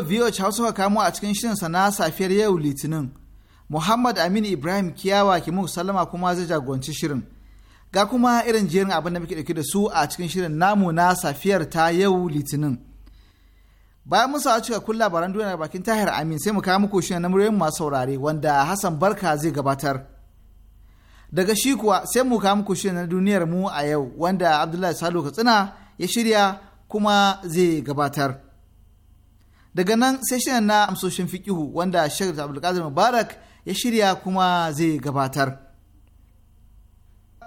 radio VOH suka kamo a cikin shirin sana safiyar yau Litinin. Muhammad Aminu Ibrahim Kiyawa ke muku sallama kuma zai jagoranci shirin. Ga kuma irin jerin abin da muke dauke da su a cikin shirin namu na safiyar ta yau Litinin. Bayan mun sa'a cika kun labaran duniya bakin Tahir Amin sai mu kawo muku shirin na muryoyin masu saurare wanda Hassan Barka zai gabatar. Daga shi kuwa sai mu kawo muku shirin na duniyar mu a yau wanda Abdullahi Salo Katsina ya shirya kuma zai gabatar. daga nan sai na amsoshin fikihu wanda shek abdulkadir mubarak ya shirya kuma zai gabatar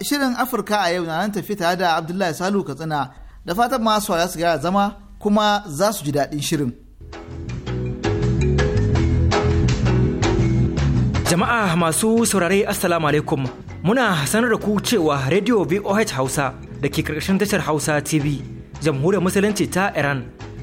shirin afirka a yau na nan tafi tare da abdullahi salu katsina da fatan masu waya su gara zama kuma za su ji daɗin shirin jama'a masu saurare assalamu alaikum muna sanar da ku cewa radio voh hausa da ke karkashin tashar hausa tv jamhuriyar musulunci ta iran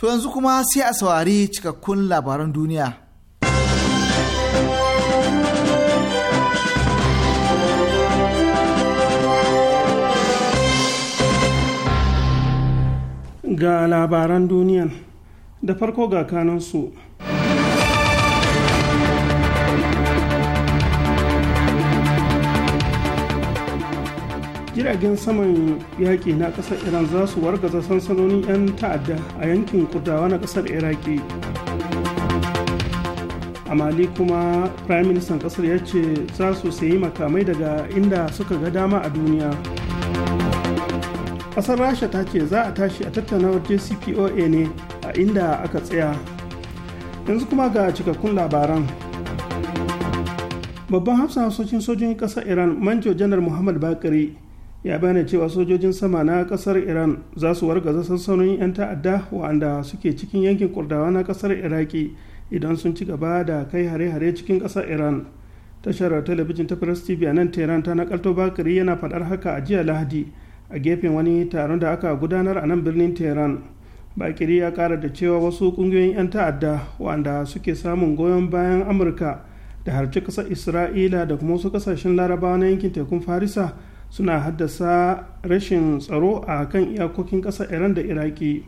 To yanzu kuma sai a saurari cikakkun labaran duniya. Ga labaran duniyan da farko ga kanansu. jiragen saman yaƙi na ƙasar iran za su wargaza sansanonin 'yan ta'adda a yankin kudawa na ƙasar iraki a mali kuma prime minister ƙasar ya ce za su sayi makamai daga inda suka ga dama a duniya ƙasar rasha ta ce za a tashi a tattaunawar jcpoa ne a inda aka tsaya yanzu kuma ga cikakkun labaran babban hafsan sojin sojin ƙasar iran manjo janar muhammad bakari ya bayyana cewa sojojin sama na kasar iran za su wargaza sansanonin 'yan ta'adda wa'anda suke cikin yankin kurdawa na kasar iraki idan sun ci gaba da kai hare-hare cikin kasar iran tashar talabijin ta press tv a nan tehran ta nakalto bakari yana faɗar haka a jiya lahadi a gefen wani taron da aka gudanar a nan birnin tehran bakiri ya kara da cewa wasu ƙungiyoyin 'yan ta'adda wanda suke samun goyon bayan amurka da harci kasar isra'ila da kuma wasu kasashen larabawa na yankin tekun farisa suna haddasa rashin tsaro a kan iyakokin ƙasar iran da iraki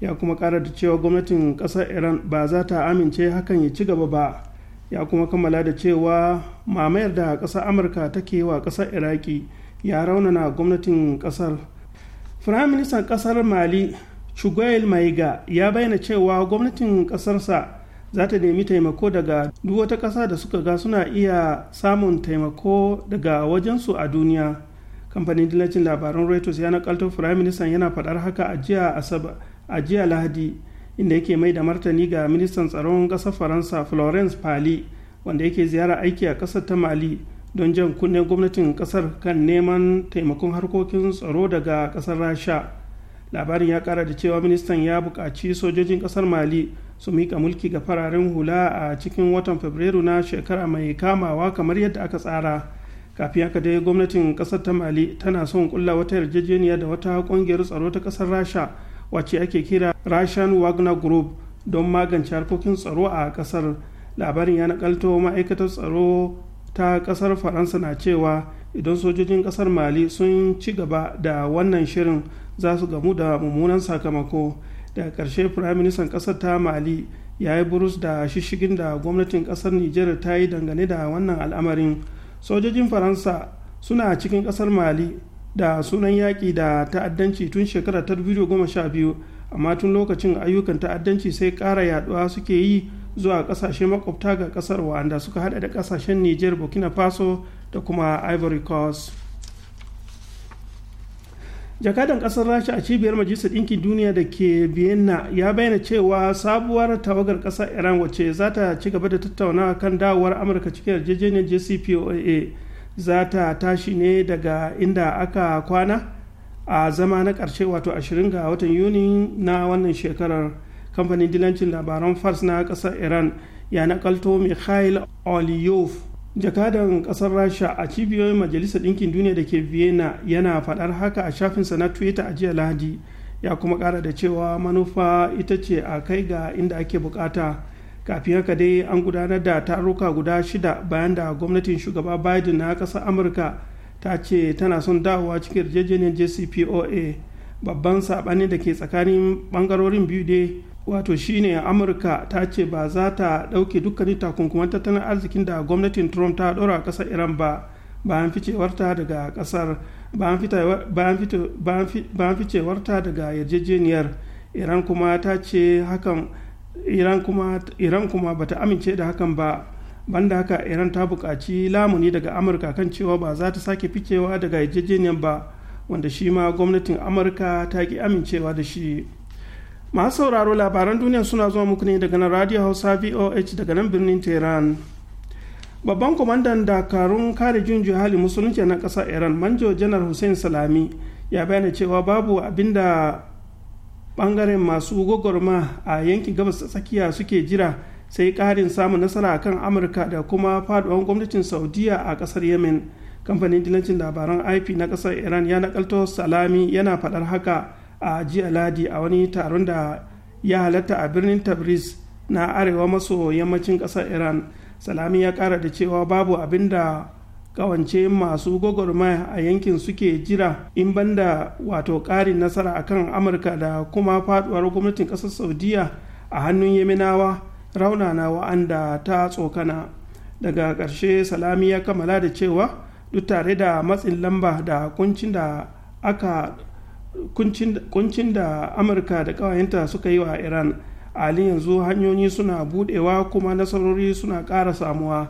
ya kuma ƙara da cewa gwamnatin ƙasar iran ba za ta amince hakan ya ci gaba ba ya kuma kammala da cewa mamayar da ƙasar amurka take wa ƙasar iraki ya raunana gwamnatin ƙasar firaministan ƙasar mali shugail maiga ya bayyana cewa gwamnatin ƙasarsa za ta nemi taimako daga duk wata ƙasa da suka ga suna iya samun taimako daga wajensu a duniya kamfanin dillacin labaran reuters ya nakalto firayim ministan yana faɗar haka a jiya lahadi inda yake mai da martani ga ministan tsaron ƙasar faransa florence pali wanda yake ziyara aiki a ƙasar ta mali don jan kunne gwamnatin ƙasar kan neman taimakon harkokin tsaro daga ƙasar rasha labarin ya kara da cewa ministan ya buƙaci sojojin ƙasar mali su mika mulki ga fararen hula a cikin watan fabrairu na shekara mai kamawa kamar yadda aka tsara kafin haka dai gwamnatin kasar ta mali tana son kulla wata yarjejeniya da wata kungiyar tsaro ta kasar rasha wacce ake kira russian wagner group don magance harkokin tsaro a kasar labarin ya nakalto ma'aikatar tsaro ta kasar faransa na cewa idan sojojin kasar mali sun ci gaba da wannan shirin za su gamu da mummunan sakamako daga ƙarshe firaministan kasar ta mali ya yi burus da shishigin da gwamnatin kasar nijar ta yi dangane da wannan al'amarin sojojin faransa suna cikin kasar mali da sunan yaƙi da ta'addanci tun shekarar ta biyu amma tun lokacin ayyukan ta'addanci sai ƙara yaduwa suke yi zuwa ƙasashe makwabta ga ƙasar wanda suka hada da ƙasashen niger burkina faso da kuma ivory coast jakadan kasar rasha a cibiyar majalisar ɗinkin duniya da ke vienna ya bayyana cewa sabuwar tawagar ƙasar iran wacce za ta ci gaba da tattaunawa kan dawowar amurka cikin yarjejeniyar jcpoa za ta tashi ne daga inda aka kwana a zama na ƙarshe wato 20 ga watan yuni na wannan shekarar kamfanin dilancin labaran fars na ƙasar iran ya nakalto mikhail oliyov jakadan kasar rasha a cibiyoyin majalisar ɗinkin duniya da ke vienna yana faɗar haka a shafinsa na twitter a jiya lahadi ya kuma ƙara da cewa manufa ita ce a kai ga inda ake bukata kafin haka dai an gudanar da taruka guda shida bayan da gwamnatin shugaba biden na ƙasar amurka ta ce tana son dawowa cikin yarjejeniyar jcpoa babban saɓani da ke tsakanin ɓangarorin biyu dai wato shine amurka ta ce ba za ta ɗauke dukkanin takunkuman tattalin arzikin da gwamnatin trump ta ɗora a ƙasar iran ba bayan ficewarta daga ƙasar bayan ficewarta daga yarjejeniyar iran kuma ta ce hakan iran kuma iran kuma bata amince da hakan ba banda haka iran ta buƙaci lamuni daga amurka kan cewa ba za ta sake ficewa daga yarjejeniyar ba wanda shi ma gwamnatin amurka ta ki amincewa da shi masu sauraro labaran duniya suna zuwa muku ne daga nan radio hausa voh daga nan birnin tehran babban kwamandan dakarun kare jin hali musulunci na ƙasar iran manjo janar hussein salami ya bayyana cewa babu abinda bangaren masu gwagwarma a yankin gabas tsakiya suke jira sai karin samun nasara a kan amurka da kuma faduwan gwamnatin saudiya a ƙasar yemen kamfanin dilancin labaran ip na ƙasar iran ya nakalto salami yana faɗar haka a jiya ladi a wani taron da ya halatta a birnin tabriz na arewa maso yammacin ƙasar iran salami ya ƙara da cewa babu abin da kawance masu gwagwarmaya a yankin suke jira in banda wato ƙarin nasara a kan amurka da kuma faduwar gwamnatin ƙasar saudiya a hannun yaminawa raunana wa'anda ta tsokana daga ƙarshe salami ya kammala da cewa duk tare da matsin lamba da kuncin da aka kuncin da amurka da ƙawayenta suka yi wa iran halin yanzu hanyoyi suna budewa kuma nasarori suna ƙara samuwa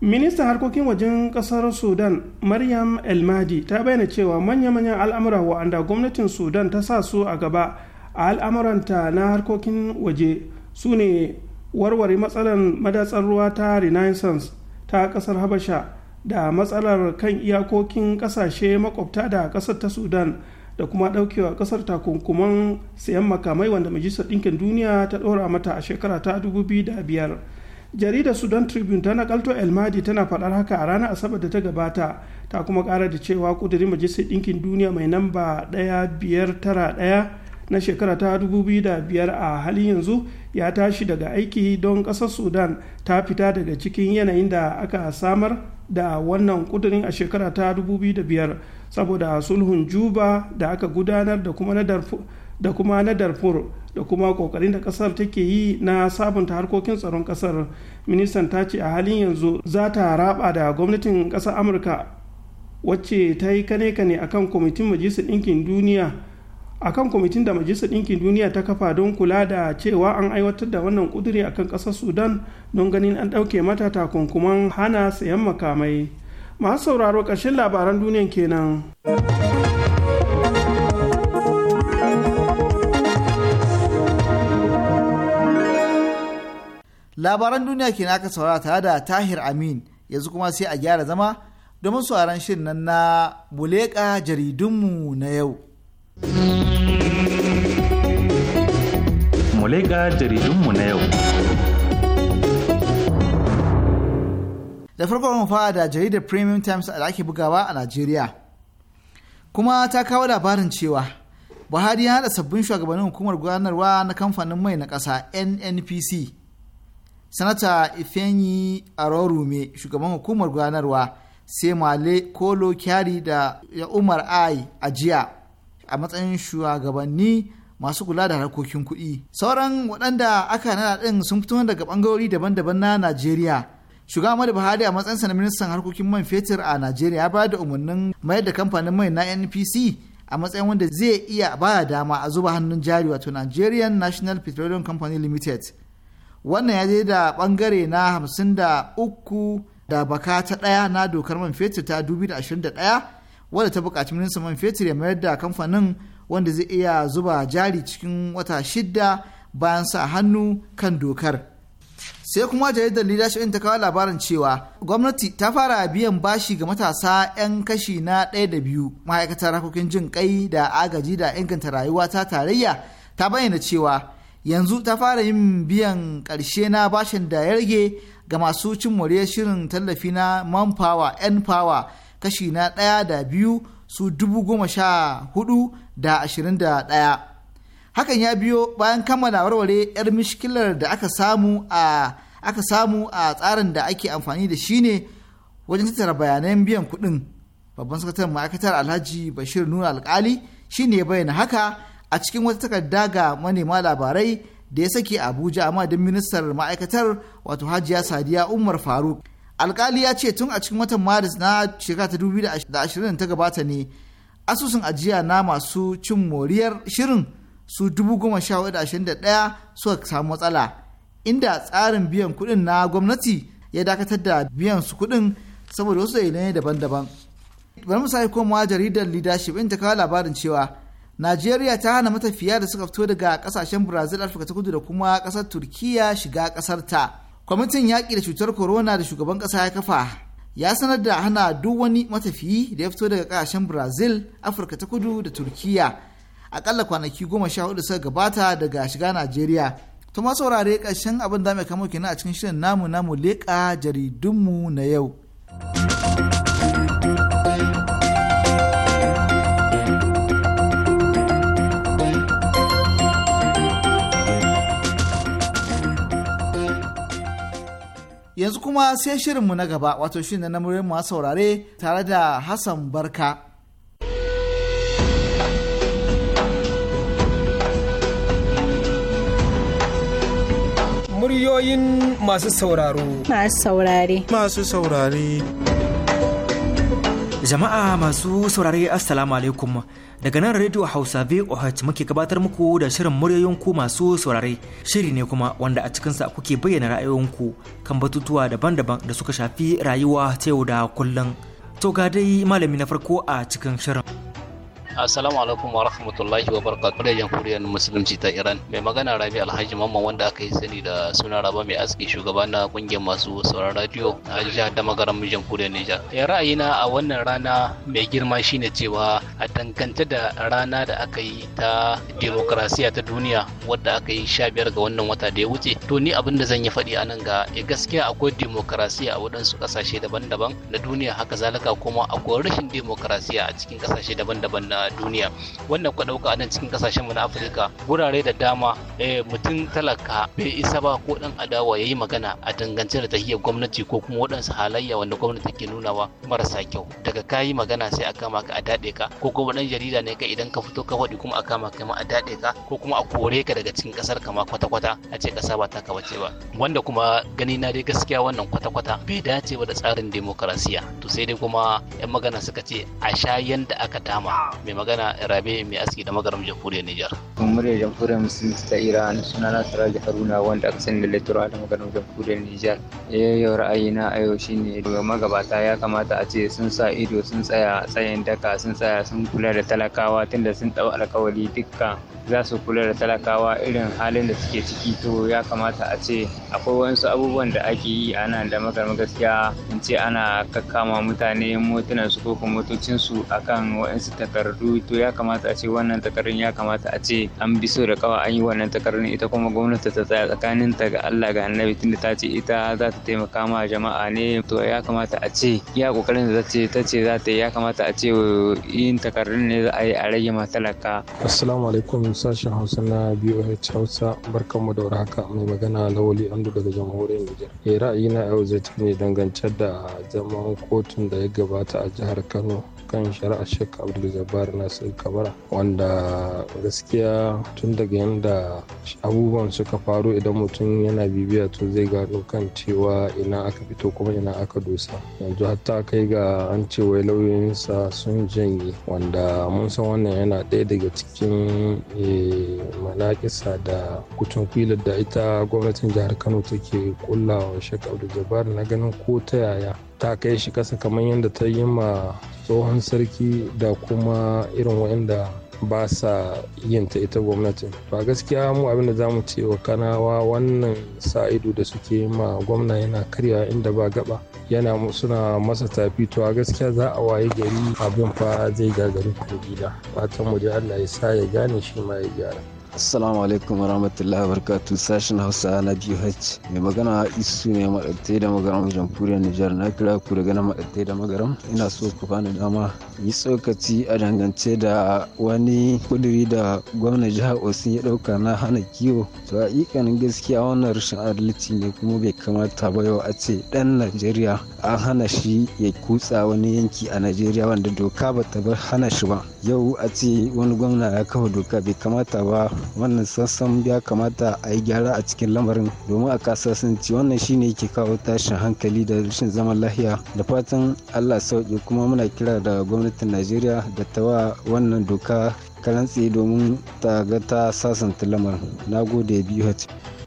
ministan harkokin wajen ƙasar sudan maryam elmadi ta bayyana cewa manya-manyan al'amura wa'anda gwamnatin sudan ta sa su a gaba a al'amuranta na harkokin waje su ne warware matsalar madatsar ruwa ta renaissance ta kasar habasha da matsalar kan iyakokin ƙasashe makwabta da ƙasar ta sudan da kuma ɗaukewa ƙasar takunkuman sayan makamai wanda majalisar ɗinkin duniya ta ɗora mata a shekara ta 2005 jaridar sudan tribune ta nakalto elmadi tana faɗar haka a ranar asabar da ta gabata ta kuma ƙara da cewa ƙudurin majalisar ɗinkin duniya mai namba 1591 na shekara ta 2005 a halin yanzu ya tashi daga aiki don ƙasar sudan ta fita daga cikin yanayin da aka samar da wannan kudurin a shekara ta 2005 saboda sulhun juba da aka gudanar da kuma na darfur da kuma na darfur da kuma kokarin da kasar take yi na sabunta harkokin tsaron kasar ministan ta ce a halin yanzu za ta raba da gwamnatin kasar amurka wacce ta yi kane-kane akan kwamitin majalisar ɗinkin duniya akan kwamitin da majalisar ɗinkin duniya ta kafa don kula da cewa an aiwatar da wannan kuduri akan ƙasar sudan don ganin an ɗauke mata takunkuman hana sayan makamai masu sauraro ƙarshen labaran duniyan kenan labaran duniya ke naka saurara tare da tahir amin yanzu kuma sai a gyara zama domin sauran shirin nan na buleka jaridunmu na yau Mulega jaridunmu na yau. Da farko mu fara da jaridar Premium Times da ake bugawa a Najeriya. Kuma ta kawo labarin cewa Buhari ya haɗa sabbin shugabannin hukumar gudanarwa na kamfanin mai na ƙasa NNPC. Sanata Ifeanyi Arorume shugaban hukumar gudanarwa sai Male Kolo Kyari da Umar Ai a jiya a matsayin shugabanni masu kula da harkokin kuɗi. Sauran waɗanda aka nada ɗin sun fito daga ɓangarori daban-daban na Najeriya. Shugaba Muhammadu Buhari a matsayinsa na ministan harkokin man fetur a Najeriya ya bayar da umarnin mayar da kamfanin mai na NPC a matsayin wanda zai iya ba dama a zuba hannun jari wato Nigerian National Petroleum Company Limited. Wannan ya je da bangare na hamsin da uku da baka ta ɗaya na dokar man fetur ta 2021 wadda ta buƙaci minista man fetur ya mayar da kamfanin wanda zai iya zuba jari cikin wata shidda bayan sa hannu kan dokar sai kuma jaridar leadership ta kawo labarin cewa gwamnati ta fara biyan bashi ga matasa 'yan kashi na ɗaya da biyu ma'aikatar harkokin jin kai da agaji da inganta rayuwa ta tarayya ta bayyana cewa yanzu ta fara yin biyan karshe na bashin da ya rage ga masu cin shirin tallafi na manpower n power kashi na ɗaya da biyu su dubu goma sha hudu da ashirin da ɗaya. Hakan ya biyo bayan kammala warware 'yar mishkilar da aka samu a aka samu a tsarin da ake amfani da shi ne wajen tattara bayanan biyan kuɗin. Babban sakataren ma'aikatar Alhaji Bashir Nuna Alkali shi ne ya bayyana haka a cikin wata takarda ga manema labarai da ya sake Abuja amma don ministar ma'aikatar wato Hajiya Sadiya Umar Faruk. alkali ya ce tun a cikin watan maris na shekara ta 2020 ta gabata ne asusun ajiya na masu cin moriyar shirin su 10,021 suka samu matsala inda tsarin biyan kuɗin na gwamnati ya dakatar da biyan su kuɗin saboda wasu dalilai daban-daban bari mu sake komawa jaridar leadership in ta kawo labarin cewa najeriya ta hana matafiya da suka fito daga kasashen brazil afirka ta kudu da kuma kasar turkiya shiga kasar ta kwamitin yaƙi da cutar corona da shugaban ƙasa ya kafa ya sanar da hana duk wani matafiyi da ya fito daga ƙasashen brazil afirka ta kudu da turkiya akalla kwanaki goma sha hudu suka gabata daga shiga najeriya tuma saurare ƙarshen abin da mai kamo kenan a cikin shirin namu namu leƙa jaridunmu na yau yanzu kuma sai shirinmu na gaba wato shirin na murin masu saurare tare da Hassan Barka. Muryoyin masu sauraro. Masu saurare. Masu saurare. Jama'a masu saurare Assalamu alaikum daga nan Radio Hausa VOH muke gabatar muku da shirin muryoyin masu saurare shiri ne kuma wanda a cikinsa kuke bayyana ra'ayoyinku kan batutuwa daban-daban da suka shafi rayuwa ta yau da kullum. To ga dai malami na farko a cikin shirin. Assalamu alaikum wa rahmatullahi wa barakatuh. Kuriya Jamhuriyar Musulunci ta Iran. Mai magana Rabi Alhaji Mamman wanda aka yi sani da suna Raba mai aski shugaba na kungiyar masu sauran radio a jihar Damagaram Jamhuriyar Nijar. Ya ra'ayina a wannan rana mai girma shine cewa a dangance da rana da aka yi ta demokrasiya ta duniya wadda aka yi sha biyar ga wannan wata da ya wuce. To ni abin da zan yi faɗi a nan ga eh, gaskiya akwai demokrasiya a waɗansu ƙasashe daban-daban na duniya haka zalika kuma akwai rashin demokrasiya a cikin ƙasashe daban-daban na a duniya wannan ku dauka a nan cikin mu na afirka wurare da dama eh, mutum talaka bai isa ba ko dan adawa ya yi magana a dangance da tahiyar gwamnati ko kuma waɗansu halayya wanda gwamnati ke nunawa marasa kyau daga ka magana sai a kama ka a daɗe ka ko kuma dan jarida ne ka idan ka fito ka faɗi kuma a kama ka ma a dade ka ko kuma a kore ka daga cikin ƙasar ka ma kwata-kwata a ce kasa ba ta ka ba wanda kuma gani na dai gaskiya wannan kwata-kwata bai dace ba da tsarin demokarasiya to sai dai kuma 'yan magana suka ce a sha yanda aka dama mai magana rabe mai aski da magaram jamhuriyar Nijar. muryar jamhuriyar musulunci ta iran suna na saraji haruna wanda aka sani da lettura da maganar jamhuriyar nijar eh, yau ra'ayina a yau ne? daga magabata ya kamata a ce sun sa ido sun tsaya tsayin daka sun tsaya sun kula da talakawa tunda sun ɗau alƙawari dukkan za su kula da talakawa irin halin da suke ciki to ya kamata a ce akwai wasu abubuwan da ake yi a nan da maganin gaskiya in ce ana kakkama mutane motunan su ko motocinsu akan waɗansu takardu to ya kamata a ce wannan takardun ya kamata a ce an bi so da kawa an yi wannan takardar ita kuma gwamnati ta tsaya tsakanin ta ga Allah ga annabi tunda ta ce ita za ta taimaka ma jama'a ne to ya kamata a ce ya kokarin da ce ta ce za ta yi ya kamata a ce yin takardun ne za a yi a rage ma talaka. Assalamu alaikum sashen Hausa na biyu BOH Hausa barkanmu da warhaka mai magana Lawali Andu daga jamhuriyar Nijar. Eh ra'ayina yau zai tafi ne dangance da zaman kotun da ya gabata a jihar Kano kan shari'ar shek jabbar nasir kabara wanda gaskiya tun daga yanda abubuwan suka faru idan mutum yana bibiya to zai gano kan cewa ina aka fito kuma ina aka dosa yanzu hatta kai ga an ce wai lauyoyinsa sun janye wanda mun san wannan yana ɗaya daga cikin eh, malakisa da kutun kwilar da ita gwamnatin jihar kano take kullawa shek jabbar na ganin ko ta yaya ta kai shi kasa kamar yadda ta yi ma tsohon sarki da kuma irin waɗanda ba sa yin ta ita gwamnatin ba gaskiya mu abinda za mu ce wa kanawa wannan sa'idu da suke ma gwamna yana karya inda ba gaba yana suna masa tafi to a gaskiya za a waye gari abin fa zai gagari ko gida fatan mu Allah ya sa ya gane shi ma ya gyara Assalamu alaikum wa wa barakatuh sashen Hausa na DH mai magana isu ne madaddai da magaram jamhuriyar Nijar na kira ku daga nan da magaram ina so ku bani dama yi tsokaci a dangance da wani kuduri da gwamnan jihar Osun ya ɗauka na hana kiwo to hakikanin gaskiya wannan rashin adalci ne kuma bai kamata ba yau a ce ɗan Najeriya an hana shi ya kutsa wani yanki a Najeriya wanda doka bata bar hana shi ba yau a ce wani gwamna ya kawo doka bai kamata ba wannan sassan ya kamata a yi gyara a cikin lamarin domin a kasasanci wannan shine yake kawo tashin hankali da rashin zaman lahiya da fatan allah sauki kuma muna kira da gwamnatin najeriya da ta wa wannan doka karantsi domin ta ga ta sasanta lamarin na gode bh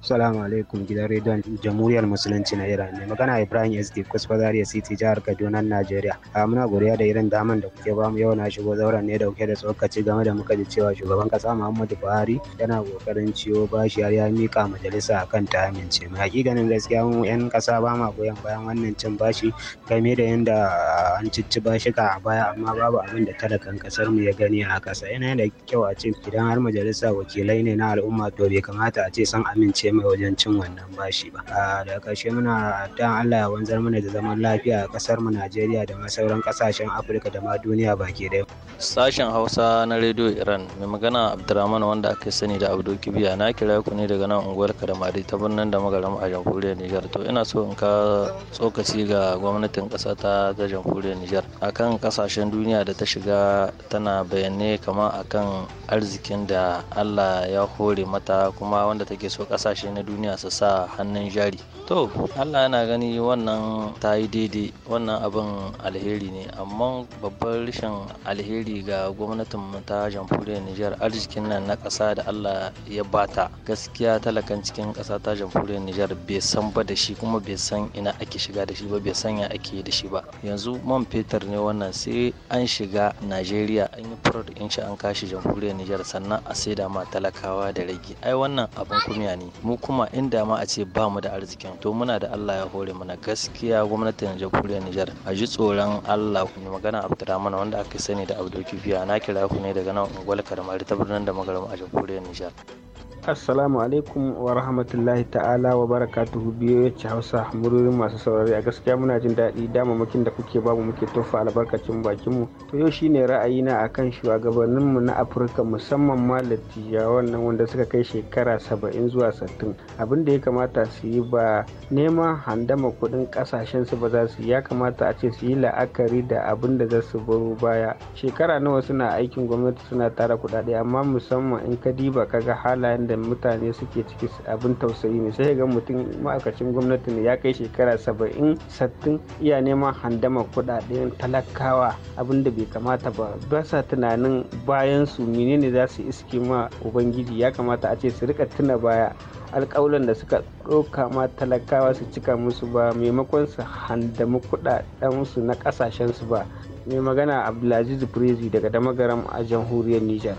Salamu alaikum gidan rediyon Jamhuriyar Musulunci na Iran ne magana Ibrahim SD Kusfa City jihar Kaduna Najeriya. A muna godiya da irin daman da kuke bamu yau na shigo zauren ne da kuke da tsokaci game da muka ji cewa shugaban kasa Muhammadu Buhari yana kokarin ciwo bashi har ya mika majalisa akan ta amince. Mai hakikanin gaskiya mu yan kasa ba ma goyon bayan wannan cin bashi game da yanda an cicci bashi ka a baya amma babu abin da talakan kasar mu ya gani a kasa. Yana da kyau a ce idan har majalisa wakilai ne na al'umma to bai kamata a ce sun amince taimake mai wajen cin wannan bashi ba a daga ƙarshe muna addu'an Allah ya wanzar mana da zaman lafiya a ƙasar mu Najeriya da ma sauran ƙasashen Afirka da ma duniya baki ɗaya sashen Hausa na Radio Iran mai magana Abdurrahman wanda aka sani da Abdul Kibiya na kira ku ne daga nan unguwar Kadamari ta birnin da magaram a jamhuriyar Nijar to ina so in ka tsokaci ga gwamnatin ƙasa ta ta jamhuriyar Nijar akan ƙasashen duniya da ta shiga tana bayanai kama akan arzikin da Allah ya hore mata kuma wanda take so ƙasashen kasashe na duniya su sa hannun jari to allah yana gani wannan ta yi daidai wannan abin alheri ne amma babban rashin alheri ga gwamnatin ta jamhuriyar nijar arzikin nan na ƙasa da allah ya bata gaskiya talakan cikin ƙasa ta jamhuriyar nijar bai san ba da shi kuma bai san ina ake shiga da shi ba bai san ya ake da shi ba yanzu man fetur ne wannan sai an shiga najeriya an yi furar in an kashi jamhuriyar nijar sannan a saida ma talakawa da rage ai wannan abin kunya ne mu kuma in da ma a ce ba mu da arzikin to muna da Allah ya hore mana gaskiya gwamnatin jamhuriyar Nijar a ji tsoron Allah ku ne magana Abdurrahman wanda aka sani da Abdul Kibiya na kira ku ne daga nan Ungwal Karmari ta birnin da magaram a jamhuriyar Nijar Assalamu alaikum wa rahmatullahi ta'ala wa barakatuhu biyo ya hausa mururin masu saurari a gaskiya muna jin daɗi damamakin da kuke bamu muke tofa albarkacin bakin mu to yau shine ra'ayina akan mu na afirka musamman ma lattijawan wannan wanda suka kai shekara saba'in zuwa sittin abin da ya kamata su yi ba neman handama kuɗin kasashen su ba za su ya kamata a ce su yi la'akari da abin da za su baro baya shekara nawa suna aikin gwamnati suna tara kuɗaɗe amma musamman in ka diba kaga halayen da mutane suke ciki abin tausayi ne sai ga mutum ma'aikacin gwamnati ne ya kai shekara saba'in sattin iya neman handama kudaden talakawa abin da bai kamata ba ba sa tunanin bayan su menene za su iske ma ubangiji ya kamata a ce su rika tuna baya alkawalan da suka ɗauka ma talakawa su cika musu ba maimakon su handami kudaden su na kasashen su ba mai magana abdulaziz prezi daga damagaram a jamhuriyar nijar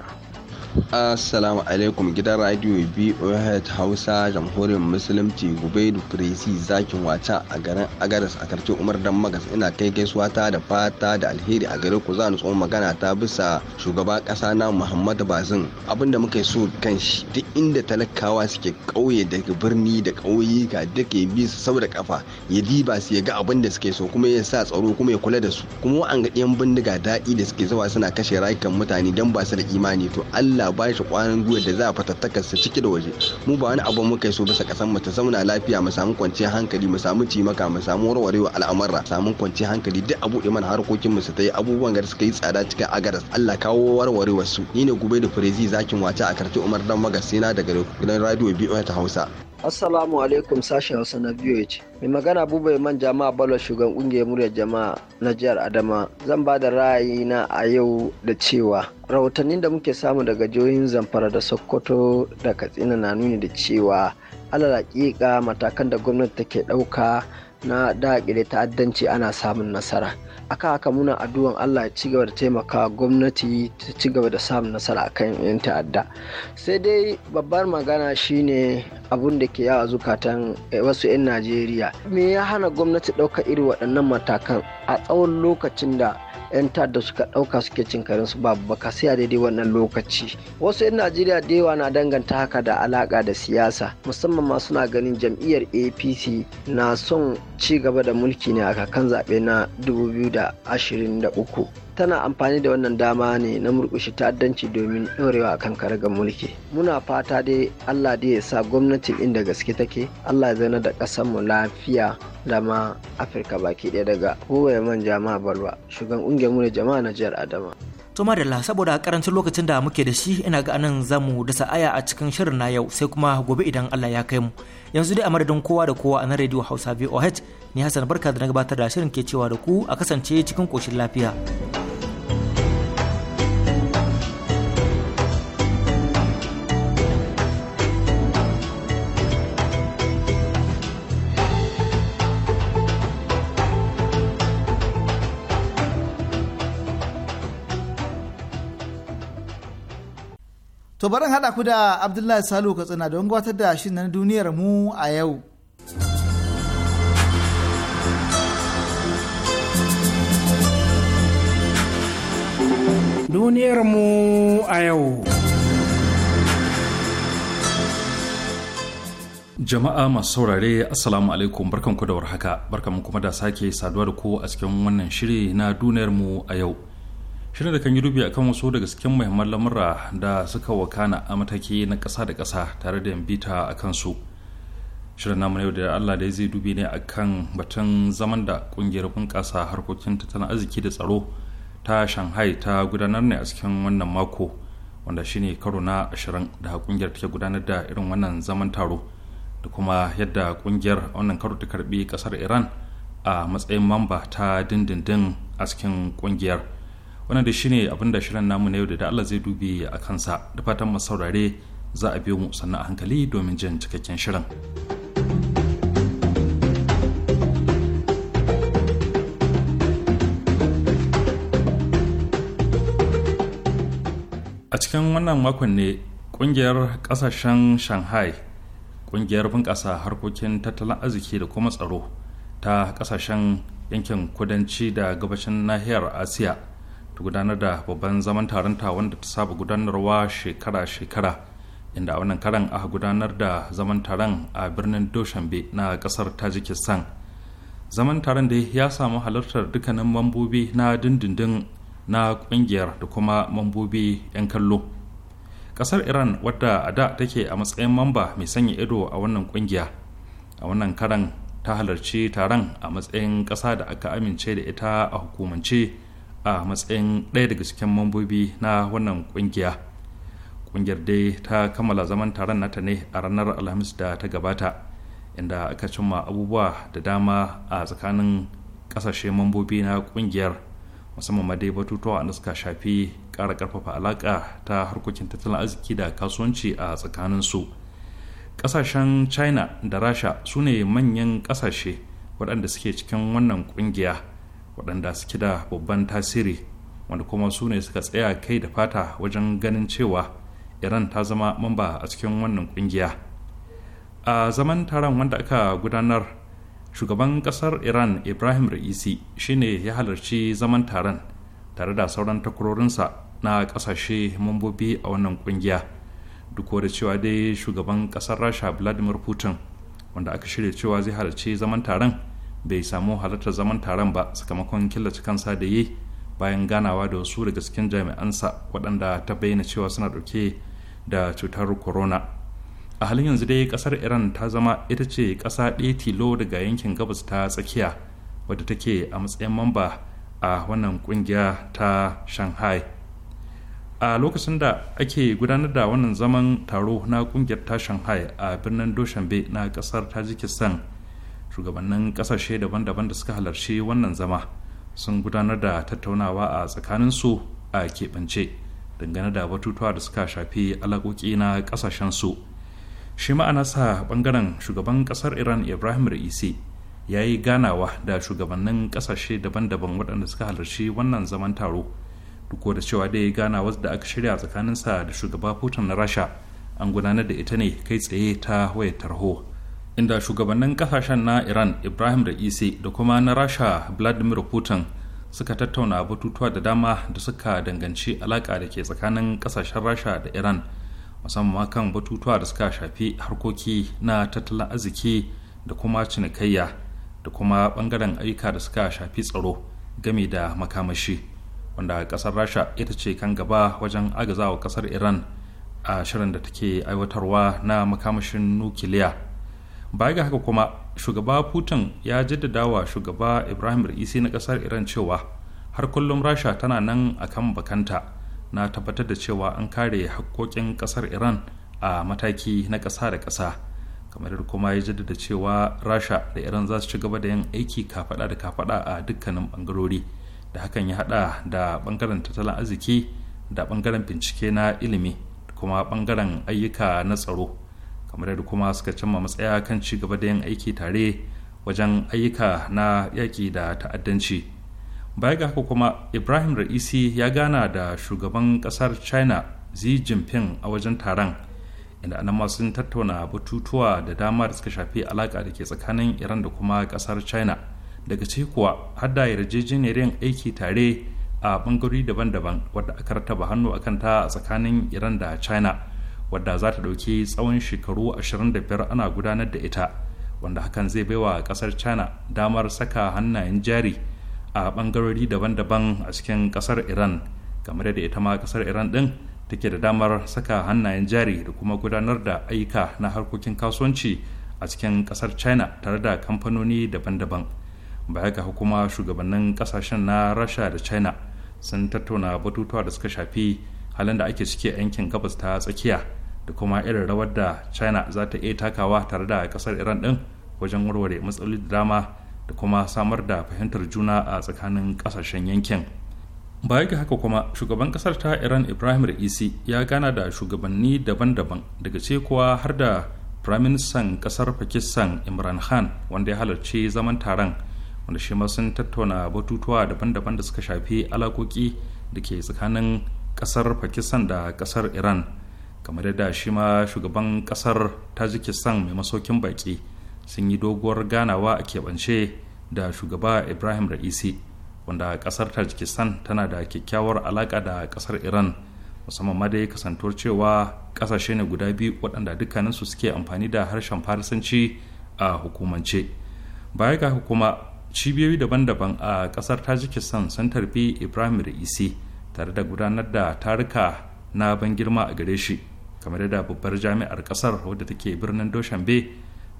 Assalamu alaikum gidan radio BOHED Hausa jamhuriyar Musulunci Gubaidu Presi zakin wata a garin Agadas a karshe Umar Dan Magas ina kai gaisuwa ta da fata da alheri a gare ku za ni tsohon magana ta bisa shugaba kasa na Muhammadu Bazin abinda muke so kan shi duk inda talakawa suke kauye daga birni da ƙauyuka duk ya bi su sau da kafa ya diba su ya ga abin da suke so kuma ya sa tsaro kuma ya kula da su kuma an ga bindiga daɗi da suke zuwa suna kashe rayukan mutane dan ba su da imani to Allah Allah ba shi kwanan gwiwa da za a fatattakar su ciki da waje mu ba wani abu muka so bisa kasan mu ta zauna lafiya mu samu kwanciyar hankali mu samu cimaka mu samu warwarewa al'amura samu kwanciyar hankali duk abu buɗe mana harkokin mu su ta yi abubuwan gar suka yi tsada cikin agaras Allah kawo warwarewa su ni ne gube da firezi zakin wace a karti Umar dan magasina daga gidan radio BOA ta Hausa Assalamu alaikum sashen Hausa na VOH. Mai magana Buba Man Jama'a Balo shugaban kungiyar muryar jama'a na jihar Adama. Zan ba da ra'ayina a yau da cewa rahotannin da muke samu daga jihohin Zamfara da Sokoto da Katsina na nuni da cewa alal matakan da gwamnati take ɗauka na daƙile ta'addanci ana samun nasara akan haka muna addu'an Allah ya ci gaba da taimaka gwamnati ta ci gaba da samun nasara akan yan ta'adda sai dai babbar magana shine abun da ke yawa zukatan eh, wasu 'yan Najeriya me ya hana gwamnati ɗauka irin waɗannan matakan a tsawon lokacin da 'yan ta'adda suka ɗauka suke cin karin su babu baka sai a daidai wannan lokaci wasu 'yan najeriya da yawa na danganta haka da alaka da siyasa musamman ma suna ganin jam'iyyar apc na son ci gaba da mulki ne a kakan zaɓe na 2023 tana amfani da wannan dama ne na murkushe ta'addanci domin ɗorewa akan karagar mulki muna fata dai allah da ya sa gwamnatin inda gaske take allah ya zana da mu lafiya dama afirka baki ɗaya daga huwaye man jama'a balwa shugaban ƙungiyar mu jama'a na jihar adama to madalla saboda karancin lokacin da muke da shi ina ga anan zamu dasa aya a cikin shirin na yau sai kuma gobe idan Allah ya kai mu yanzu dai a madadin kowa da kowa a nan radio Hausa VOH ni Hassan barka da na gabatar da shirin ke cewa da ku a kasance cikin koshin lafiya To barin haɗa ku da Abdullahi Salu Katsina don gabatar da shi na duniyar mu a yau. Duniyar mu a yau. Jama'a masu saurare Assalamu alaikum barkanku da warhaka barkanku kuma da sake saduwa da ku a cikin wannan shiri na duniyar mu a yau. shirin da kan yi dubi akan wasu daga cikin muhimman lamura da suka wakana a mataki na kasa da kasa tare da bita a kansu shirin namu yau da allah dai zai dubi ne akan batun zaman da ƙungiyar bunƙasa harkokin tattalin arziki da tsaro ta shanghai ta gudanar ne a cikin wannan mako wanda shine karo na ashirin da ƙungiyar take gudanar da irin wannan zaman taro da kuma yadda ƙungiyar wannan karo ta karbi kasar iran a matsayin mamba ta dindindin a cikin ƙungiyar wannan da shine abin da shirin namu na yau da Allah zai dubi a kansa da fatan mu saurare za a biyo mu sannan a hankali domin jin cikakken shirin. a cikin wannan makon ne kungiyar kasashen shanghai kungiyar bunƙasa harkokin tattalin arziki da kuma tsaro ta kasashen yankin kudanci da gabashin nahiyar asiya ta gudanar da babban zaman taronta wanda ta saba gudanarwa shekara-shekara inda a wannan karan aka gudanar da zaman taron a birnin doshambe na kasar tajikistan zaman taron da ya samu halartar dukkanin mambobi na dindindin na kungiyar da kuma mambobi 'yan kallo kasar iran wadda a da take a matsayin mamba mai sanya ido a wannan kungiya a wannan karan ta halarci taron a matsayin kasa da aka amince da ita a hukumance a matsayin ɗaya daga cikin mambobi na wannan ƙungiya ƙungiyar dai ta kammala zaman taron nata ne a ranar alhamis da ta gabata inda aka cimma abubuwa da dama a tsakanin ƙasashe mambobi na ƙungiyar musamman ma dai batutuwa da suka shafi ƙara ƙarfafa alaƙa ta harkokin tattalin arziki da kasuwanci a tsakanin su ƙasashen china da rasha su ne manyan ƙasashe waɗanda suke cikin wannan ƙungiya waɗanda suke da babban tasiri wanda kuma su ne suka tsaya kai da fata wajen ganin cewa iran ta zama mamba a cikin wannan kungiya a zaman taron wanda aka gudanar shugaban kasar iran ibrahim ra'isi shine ya halarci zaman taron tare da sauran takwarorinsa na kasashe mambobi a wannan kungiya duk da cewa dai shugaban ƙasar rasha vladimir putin wanda aka shirya cewa zai halarci zaman taron bai samu halartar zaman taron ba sakamakon killace kansa da yi bayan ganawa da wasu daga cikin jami'ansa waɗanda ta bayyana cewa suna ɗauke da cutar corona a halin yanzu dai ƙasar iran ta zama ita ce ƙasa ɗaya tilo daga yankin gabas ta tsakiya wadda take a matsayin mamba a wannan ƙungiya ta shanghai a lokacin da ake gudanar da wannan zaman taro na ƙungiyar ta shanghai a birnin doshambe na ƙasar tajikistan shugabannin kasashe daban-daban da suka halarci wannan zama sun gudanar da tattaunawa a tsakaninsu a keɓance dangane da batutuwa da suka shafi alaƙoƙi na ƙasashensu shi ma'ana sa ɓangaren shugaban ƙasar iran ibrahim ra'isi ya yi ganawa da shugabannin ƙasashe daban-daban waɗanda suka halarci wannan zaman taro duk da cewa dai ganawar da aka shirya tsakaninsa da shugaba putin na rasha an gudanar da ita ne kai tsaye ta wayar tarho inda shugabannin kasashen na iran ibrahim da isi da kuma na rasha vladimir putin suka tattauna batutuwa da dama da suka danganci alaka da ke tsakanin kasashen rasha da iran musamman kan batutuwa da suka shafi harkoki na tattalin arziki da kuma cinikayya da kuma bangaren ayyuka da suka shafi tsaro game da makamashi wanda kasar rasha ita ce kan gaba wajen agazawa kasar iran a shirin da take aiwatarwa na makamashin nukiliya baya ga haka kuma shugaba putin ya jaddada wa shugaba ibrahim isi na kasar iran cewa har kullum rasha tana nan a kan bakanta na tabbatar da cewa an kare hakkokin kasar iran a mataki na ƙasa da ƙasa kamar kuma ya jaddada cewa rasha da iran za su ci gaba da yin aiki kafada da kafada a dukkanin bangarori da hakan ya hada da bangaren tattalin arziki da bangaren bincike na ilimi kuma bangaren ayyuka na tsaro kamar yadda kuma suka cimma matsaya kan ci gaba da yin aiki tare wajen ayyuka na yaƙi da ta'addanci baya ga haka kuma ibrahim ra'isi ya gana da shugaban ƙasar china xi jinping a wajen taron inda anan ma sun tattauna batutuwa da dama da suka shafi alaƙa da ke tsakanin iran da kuma ƙasar china daga ciki kuwa har da yarjejeniyar aiki tare a bangarori daban-daban wadda aka rataba hannu akan ta a tsakanin iran da china wadda za ta ɗauki tsawon shekaru 25 ana gudanar da ita wanda hakan zai baiwa kasar china damar saka hannayen jari a ɓangarori daban-daban a cikin kasar iran kamar da ita ma kasar iran ɗin take da damar saka hannayen jari da kuma gudanar da aika na harkokin kasuwanci a cikin kasar china tare da kamfanoni daban-daban baya ga kuma shugabannin kasashen na rasha da china sun tattauna batutuwa da suka shafi halin da ake ciki a yankin gabas ta tsakiya da kuma irin rawar da china za ta iya takawa tare da kasar iran din wajen warware matsaloli da dama da kuma samar da fahimtar juna a tsakanin kasashen yankin baya ga haka kuma shugaban kasar ta iran ibrahim Raisi ya gana da shugabanni daban-daban daga cekuwa har da firaministan kasar pakistan imran khan wanda ya halarci zaman taron wanda shi sun tattauna batutuwa daban-daban da suka shafi alakoki da ke tsakanin kasar pakistan da kasar iran kamar yadda shi ma shugaban kasar tajikistan mai masaukin baki sun yi doguwar ganawa a keɓance da shugaba ibrahim ra'isi wanda kasar tajikistan tana da kyakkyawar alaƙa da kasar iran musamman ma dai kasantuwar cewa ƙasashe ne guda biyu waɗanda dukkaninsu suke amfani da harshen farisanci a hukumance baya ga hukuma cibiyoyi daban-daban a kasar tajikistan sun tarbi ibrahim ra'isi tare da gudanar da tarika na ban girma a gare shi kamar yadda babbar jami'ar kasar wadda take birnin doshambe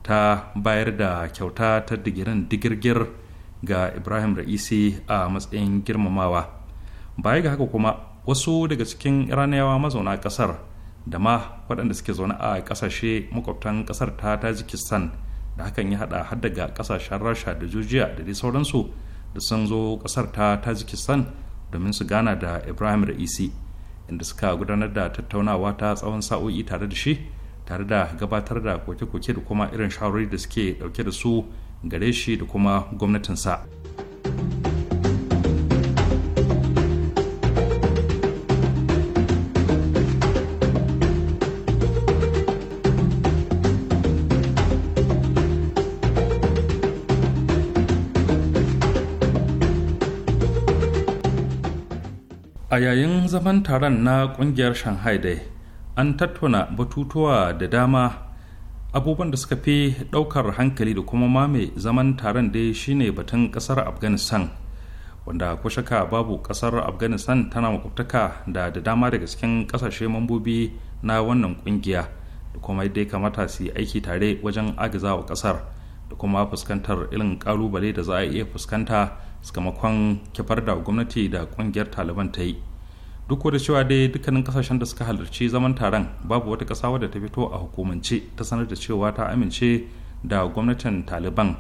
ta bayar da kyauta ta digirin digirgir ga ibrahim ra'isi a matsayin girmamawa baya ga haka kuma wasu daga cikin iraniyawa mazauna kasar da ma waɗanda suke zaune a ƙasashe makwabtan kasar ta tajikistan da hakan ya haɗa har daga ƙasashen rasha da jujiya da dai sauransu da sun zo kasar ta tajikistan domin su gana da ibrahim ra'isi inda suka gudanar da tattaunawa ta tsawon sa'o'i tare da shi tare da gabatar da koke-koke da kuma irin shawarwari da suke dauke da su gare shi da kuma gwamnatinsa. a yayin zaman taron na kungiyar shanghai dai an tattauna batutuwa da dama abubuwan da suka fi daukar hankali da kuma ma mai zaman taron dai shine batun kasar afghanistan wanda ko shaka babu kasar afghanistan tana makwabtaka da da dama daga cikin kasashe mambobi na wannan kungiya da kuma yadda kamata su yi aiki tare wajen agazawa kasar da kuma fuskantar irin kalubale da za a iya fuskanta sakamakon kifar da gwamnati da kungiyar taliban ta yi duk da cewa dai dukkanin kasashen da suka halarci zaman taron babu wata ƙasa wadda ta fito a hukumance ta sanar da cewa ta amince da gwamnatin taliban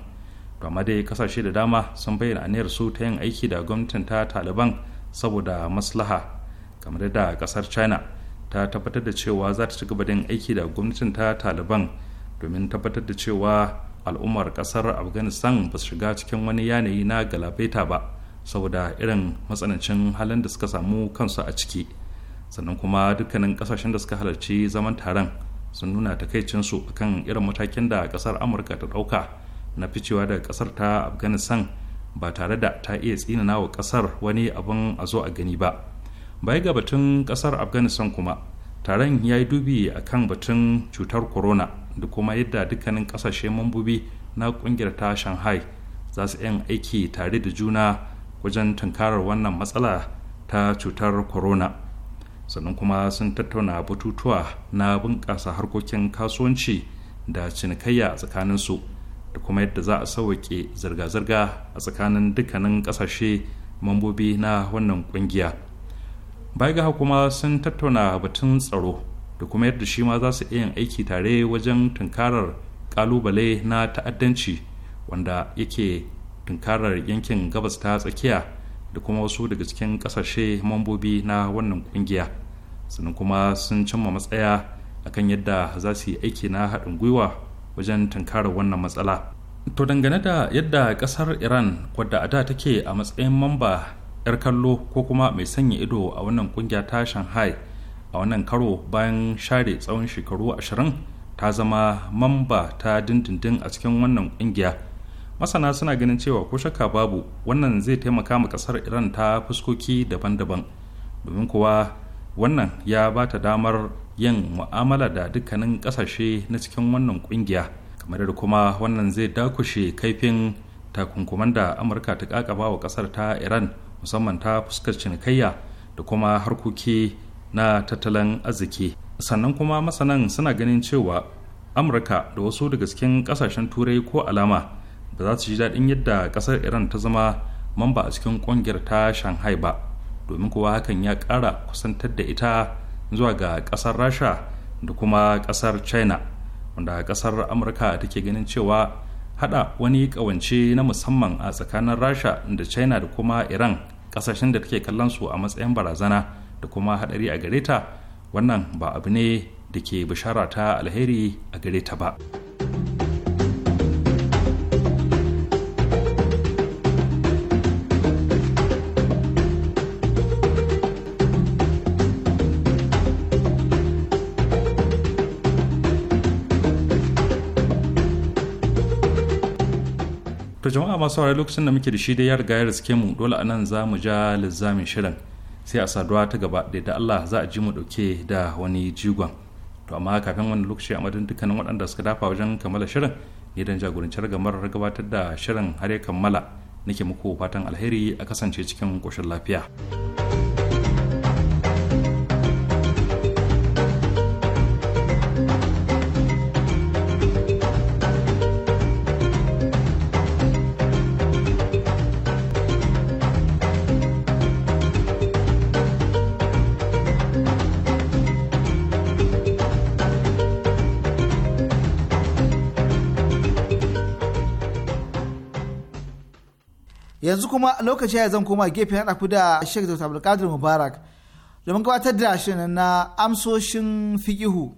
to amma dai kasashe da dama sun bayyana aniyar su ta yin aiki da gwamnatin ta taliban saboda maslaha kamar da kasar china ta tabbatar da cewa za ta ci gaba da yin aiki da gwamnatin ta taliban domin tabbatar da cewa al'ummar kasar afghanistan ba su shiga cikin wani yanayi na galabaita ba saboda irin matsanancin halin da suka samu kansu a ciki sannan kuma dukkanin kasashen da suka halarci zaman taron sun nuna takaicinsu kan irin matakin da kasar amurka ta ɗauka na ficewa daga kasar ta afghanistan ba tare da ta iya tsinana wa kasar wani abin a zo a gani ba baya ga batun kasar afghanistan kuma taron ya yi dubi a kan batun cutar corona da kuma yadda dukkanin kasashe mambobi na kungiyar ta shanghai za su yin aiki tare da juna wajen tunkarar wannan matsala ta cutar corona sannan kuma sun tattauna batutuwa na bunƙasa harkokin kasuwanci da cinikayya a tsakaninsu da kuma yadda za a sauwaƙe zirga-zirga a tsakanin dukkanin ƙasashe mambobi na wannan ƙungiya baya ga kuma sun tattauna batun tsaro da kuma yadda shi ma za su iya yin aiki tare wajen tunkarar ƙalubale na ta'addanci wanda yake tunkarar yankin gabas ta tsakiya da kuma wasu daga cikin kasashe mambobi na wannan kungiya sannan kuma sun cimma matsaya akan yadda za su yi aiki na haɗin gwiwa wajen tunkarar wannan matsala to dangane da yadda kasar iran wadda a da take a matsayin mamba 'yar kallo ko kuma mai sanya ido a wannan kungiya ta shanghai a wannan karo bayan share tsawon shekaru ashirin ta zama mamba ta dindindin a cikin wannan kungiya masana suna ganin cewa ko shakka babu wannan zai taimaka ma kasar iran ta fuskoki daban-daban domin kuwa wannan ya ba ta damar yin mu'amala da dukkanin kasashe na cikin wannan kungiya kamar da kuma wannan zai dakushe kaifin takunkuman da amurka ta kakaba wa kasar ta iran musamman ta fuskar cinikayya da kuma harkoki na tattalin arziki sannan kuma masanan suna ganin cewa amurka da wasu daga cikin kasashen turai ko alama ba za su ji daɗin yadda ƙasar iran ta zama mamba a cikin ƙungiyar ta shanghai ba domin kuwa hakan ya ƙara kusantar da ita zuwa ga ƙasar rasha da kuma ƙasar china wanda ƙasar amurka take ganin cewa hada wani ƙawance na musamman a tsakanin rasha da china da kuma iran ƙasashen da take kallon su a matsayin barazana da kuma haɗari a gare ta wannan ba abu ne da ke bishara ta alheri a gare ta ba. jama'a masu saurari lokacin da muke da shi da yar riga ya mu dole a nan za mu ja lizamin shirin sai a saduwa ta gaba da da Allah za a ji mu dauke da wani jigon to amma kafin wani lokaci a madadin dukkanin waɗanda suka dafa wajen kammala shirin ne dan jagorancin gamar gabatar da shirin har ya kammala nake muku fatan alheri a kasance cikin koshin lafiya. yanzu kuma lokaci ya zan koma gefe haɗa ku da Sheikh Dr. Abdulkadir Mubarak domin gabatar da shirin na amsoshin fikihu.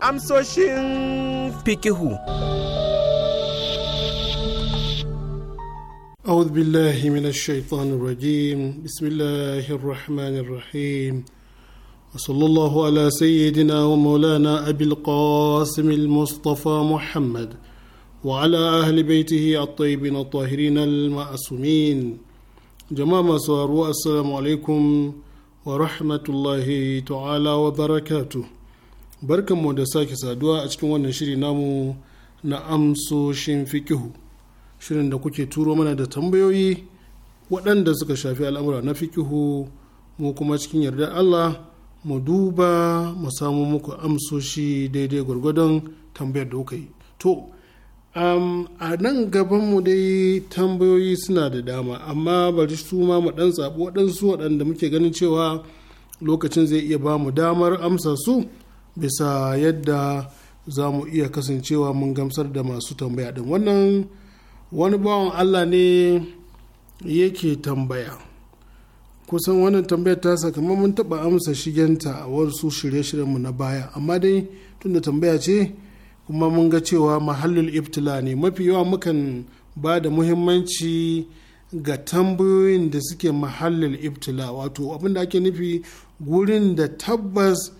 Amsoshin fikihu. أعوذ بالله من الشيطان الرجيم بسم الله الرحمن الرحيم وصلى الله على سيدنا ومولانا أبي القاسم المصطفى محمد وعلى أهل بيته الطيبين الطاهرين المعصومين جماعة سوارو السلام عليكم ورحمة الله تعالى وبركاته بركة مدساك سادوا أتكون ونشري نامو نأمسو شنفكه shirin da تورو turo mana تنبيوي ودن waɗanda suka الأمر al'amura na fikihu mu kuma cikin yardar Allah mu duba mu samu muku amsoshi daidai gwargwadon tambayar da kuka to um, a nan gabanmu dai tambayoyi suna da dama amma bari su ma mu dan zaɓi waɗansu waɗanda muke ganin cewa lokacin zai iya ba mu damar amsa su bisa yadda za mu iya kasancewa mun gamsar da masu tambaya ɗin wannan wani bawan allah ne yake tambaya kusan wannan tambayar ta kamar mun taɓa amsa shigenta a wasu shirye-shiryenmu na baya amma dai tunda tambaya ce kuma mun ga cewa mahallul iftila ne mafi yawa mukan ba da muhimmanci ga tambayoyin da suke mahallul iftila wato abin da ake nufi gurin da tabbas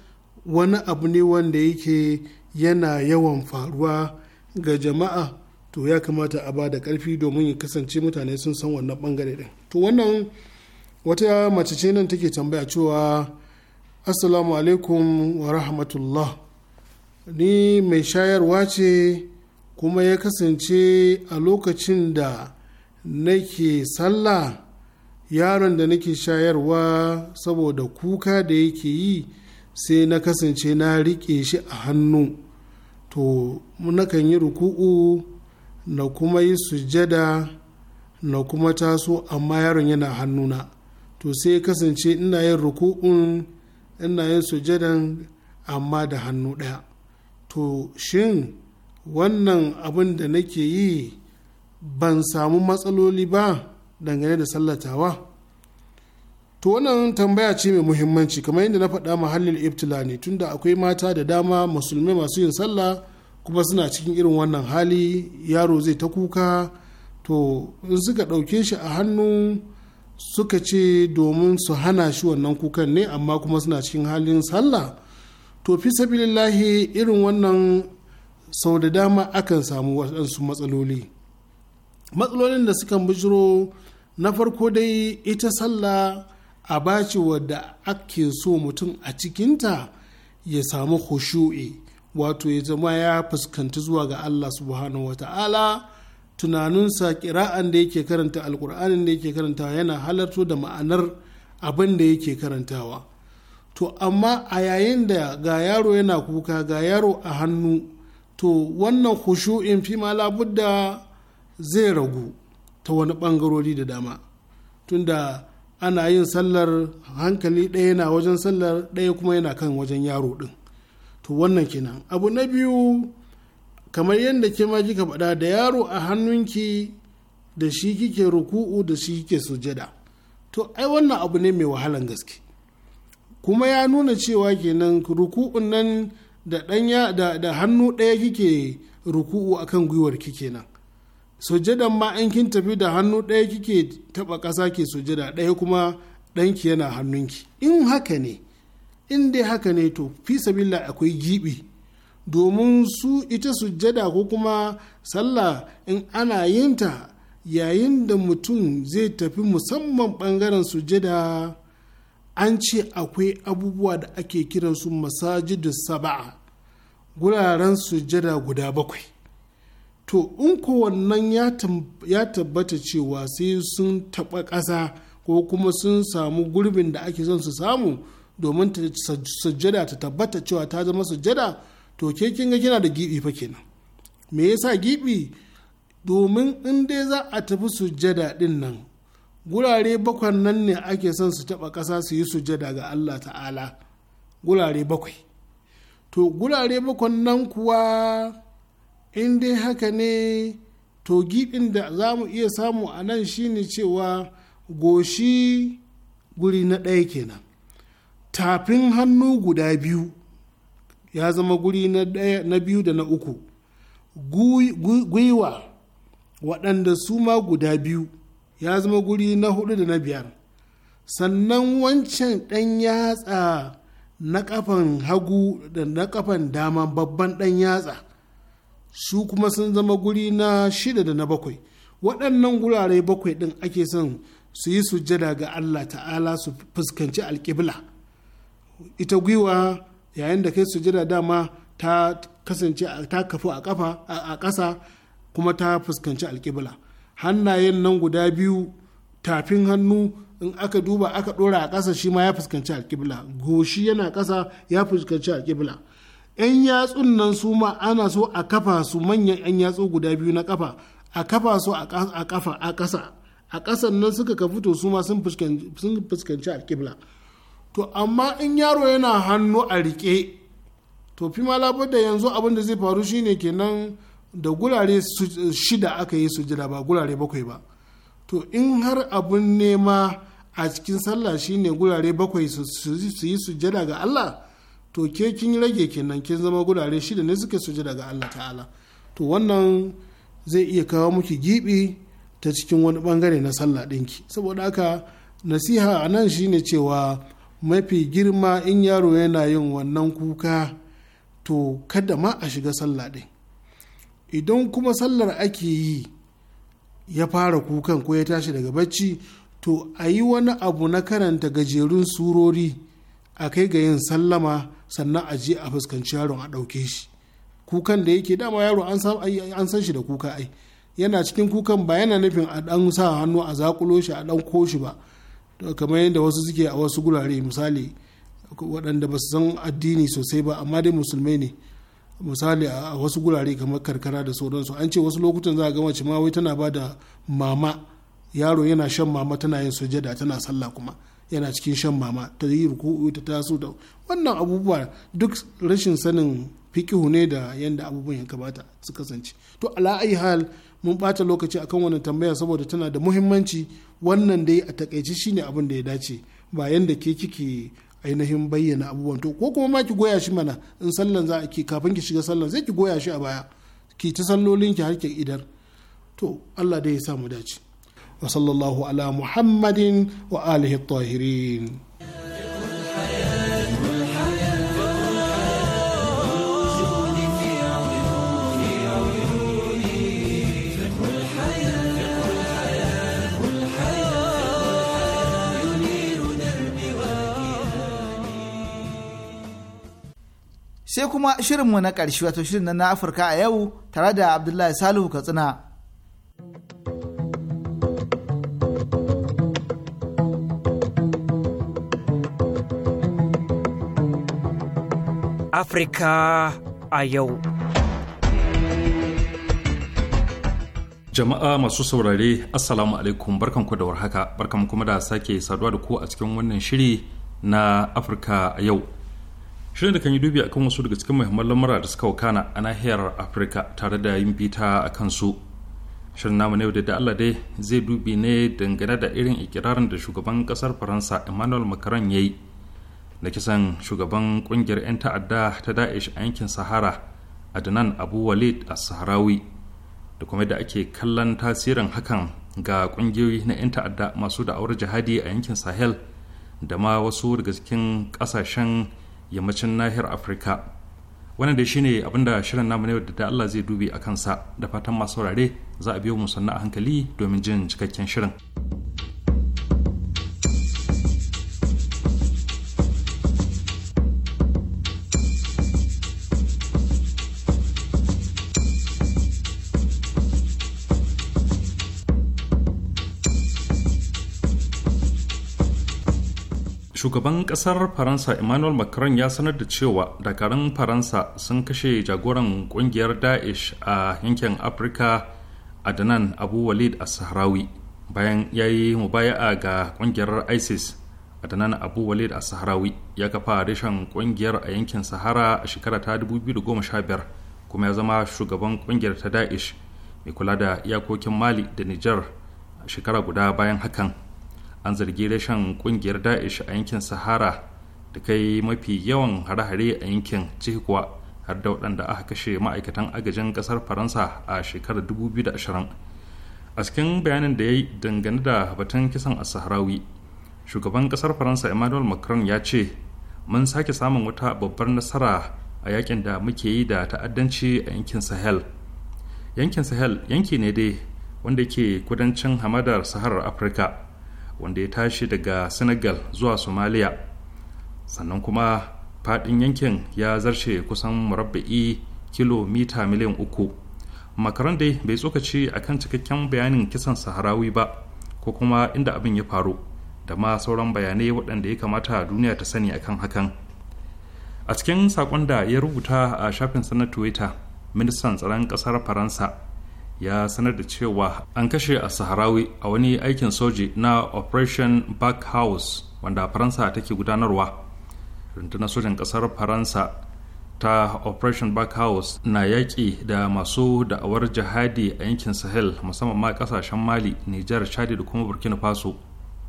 wani abu ne wanda yake yana yawan faruwa ga jama'a to ya kamata a ba da ƙarfi domin ya kasance mutane sun san wannan bangare din to wannan wata mace ce nan take tambaya cewa assalamu alaikum wa rahmatullah ni mai shayarwa ce kuma ya kasance a lokacin da nake sallah yaron da nake shayarwa saboda kuka da yake yi sai na kasance na riƙe shi a hannu to nakan yi ruku'u na kuma yi sujada na kuma taso amma yaron yana hannuna to sai ya kasance ina yin ruku'un ina yin sujadan amma da hannu ɗaya to shin wannan abin da nake yi ban samu matsaloli ba dangane da sallatawa to wannan tambaya ce mai muhimmanci kamar yadda na faɗa mahallin iftila ne tunda akwai mata da dama musulmai masu yin sallah kuma suna cikin irin wannan hali yaro zai ta kuka to in suka ɗauke shi a hannu suka ce domin su hana shi wannan kukan ne amma kuma suna cikin halin sallah to fi sabilillahi irin wannan sau da dama akan samu waɗansu matsaloli matsalolin da suka bujiro na farko dai ita sallah a baci wadda ake so mutum a cikinta ya samu khushu'i wato ya zama ya fuskanci zuwa ga Allah subhanahu wa ta'ala. tunaninsa kira'an da yake karanta alkur'anin da yake karantawa yana halarto da ma'anar abin da yake karantawa to amma a yayin da ga yaro yana kuka ga yaro a hannu to wannan in fi ma labudda zai ragu ta wani bangarori da dama tunda ana yin sallar hankali ɗaya yana wajen sallar ɗaya kuma yana kan wajen yaro ɗin to wannan kenan abu na biyu kamar yadda ke ma kika faɗa da yaro a hannunki da shi kike ruku'u da shi kike sujada to ai wannan abu ne mai wahalan gaske kuma ya nuna cewa kenan ruku'un nan da ɗanya da, hannu ɗaya kike ruku'u akan gwiwar kike nan sujadan ma in kin tafi da hannu ɗaya kike taɓa ƙasa ke sujada ɗaya kuma ɗanki yana hannunki in haka ne in dai haka ne to fi sabila akwai giɓi. domin su ita sujjada ko kuma sallah in ana yinta yayin da mutum zai tafi musamman ɓangaren sujjada an ce akwai abubuwa da ake kiransu masajidu saba'a guraren sujjada guda bakwai to in ko wannan ya tabbata cewa sai sun taɓa ƙasa ko kuma sun samu gurbin da ake son su samu domin sujjada ta tabbata cewa ta zama sujjada to ke kin ga kina da gibi fa kenan me yasa gibi domin in dai za a tafi sujjada din nan gurare bakwan nan ne ake son su taba ƙasa su yi sujjada ga Allah ta'ala gurare bakwai to gurare bakwan nan kuwa in dai haka ne to gibin da za mu iya samu a nan shine cewa goshi guri na ɗaya kenan tafin hannu guda biyu ya zama guri na na biyu da na uku gwiwa waɗanda su ma guda biyu ya zama guri na hudu da na biyar sannan wancan ɗan yatsa na kafan hagu da na kafan dama babban ɗan yatsa su kuma sun zama guri na shida da na bakwai waɗannan gurare bakwai ɗin ake son su yi sujjada ga Allah ta'ala su fuskanci alƙibla ita gwiwa yayin da kai sujada dama ta kasance ta kafu a kafa a ƙasa kuma ta fuskanci alƙibla hannayen nan guda biyu tafin hannu in aka duba aka ɗora a ƙasa shi ma ya fuskanci alƙibla goshi yana ƙasa ya fuskanci alƙibla 'yan yatsun nan su ma ana so a kafa su manyan 'yan yatsu guda biyu na kafa a kafa su a kafa a ƙasa a ƙasan nan suka ka fito su ma sun fuskanci alƙibla to amma in yaro yana hannu a rike to fi da yanzu abin da zai faru shine kenan da gurare shida aka yi sujada ba gurare bakwai ba to in har abin nema a cikin sallah shine gurare bakwai su yi sujada ga Allah to ke kin rage kenan kin zama gurare shida ne suka sujada ga Allah ta'ala to wannan zai iya kawo miki gibi ta cikin wani bangare na sallah ɗinki saboda haka nasiha anan nan shine cewa mafi girma in yaro yana yin wannan kuka to kada ma a shiga sallah ɗin idan kuma sallar ake yi ya fara kukan ko ya tashi daga bacci to a yi wani abu na karanta gajerun surori a kai ga yin sallama sannan a je a fuskanci yaron a ɗauke shi kukan da yake dama yaro an san shi da kuka ai yana cikin kukan ba yana nufin a ɗan sa hannu a zakulo shi a ɗan shi ba kamar yadda wasu suke a wasu gurare misali waɗanda ba su san addini sosai ba amma dai musulmai ne misali a wasu gurare kamar karkara da sauransu an ce wasu lokutan za a ga mace wai tana ba da mama yaro yana shan mama tana yin sujada tana sallah kuma yana cikin shan mama ta yi ruku'u ta taso da wannan abubuwa duk rashin sanin fikihu ne da yadda abubuwan ya kamata su kasance to ala hal mun ɓata lokaci akan wannan tambaya saboda tana da muhimmanci wannan dai a takaici shine abin da ya dace ba yanda ke kike ainihin bayyana abubuwan to ko kuma ma ki goya shi mana in sallan za a ki kafin ki shiga sallan sai ki goya shi a baya ki ta sallolin ki har ki idar to Allah dai ya sa mu dace wa sallallahu ala muhammadin wa alihi tahirin sai kuma shirinmu na ƙarshe wato shirin na Afirka a yau tare da Abdullahi Salihu Katsina. Afirka a yau. Jama'a masu saurare, Assalamu alaikum barkanku da warhaka, barkan kuma da sake saduwa da ku a cikin wannan shiri na Afirka a yau. shirin da kan yi dubi akan wasu daga cikin muhimman lamura da suka wakana a nahiyar afirka tare da yin bita a kansu shirin namu yau da allah dai zai dubi ne dangane da irin ikirarin da shugaban kasar faransa emmanuel macron ya yi na kisan shugaban kungiyar 'yan ta'adda ta da'ish a yankin sahara adnan abu walid a sahrawi da kuma da ake kallon tasirin hakan ga kungiyoyi na 'yan ta'adda masu da'awar jihadi a yankin sahel da ma wasu daga cikin kasashen yammacin nahiyar afirka wannan da shine abinda shirin namu ne da Allah zai dubi a kansa da fatan masu saurare za a biyo mu sannan a hankali domin jin cikakken shirin. shugaban kasar faransa emmanuel macron ya sanar da cewa dakarun faransa sun kashe jagoran kungiyar daesh a yankin afirka adnan abu walid a sahrawi bayan ya yi mubaya'a ga kungiyar isis adnan abu walid a sahrawi ya kafa reshen kungiyar a yankin sahara a shekara ta 2015 kuma ya zama shugaban kungiyar ta daesh mai kula da iyakokin mali da niger a shekara guda bayan hakan an zargi rashin kungiyar da'ish a yankin sahara da kai mafi yawan hare-hare a yankin cikwa har da waɗanda aka kashe ma'aikatan agajin ƙasar faransa a shekarar 2020 a cikin bayanin da ya yi dangane da batun kisan a saharawi shugaban ƙasar faransa emmanuel macron ya ce mun sake samun wata babbar nasara a yakin da muke yi da ta'addanci a yankin sahel yankin sahel yanki ne dai wanda ke kudancin hamadar saharar afirka wanda ya tashi daga senegal zuwa somalia sannan kuma faɗin yankin ya zarce kusan murabba'i kilomita miliyan uku makaron dai bai tsokaci a kan cikakken bayanin kisan saharawi ba ko kuma inda abin ya faru da ma sauran bayanai waɗanda ya kamata duniya ta sani akan hakan a cikin saƙon da ya rubuta a shafin na twitter ministan tsaron ƙasar faransa ya sanar da cewa an kashe a saharawi a wani aikin soji na operation back house wanda faransa take gudanarwa rundunar sojan kasar faransa ta operation back house na yaƙi da masu da'awar jihadi a yankin sahel musamman ma kasashen mali nijar chadi da kuma burkina faso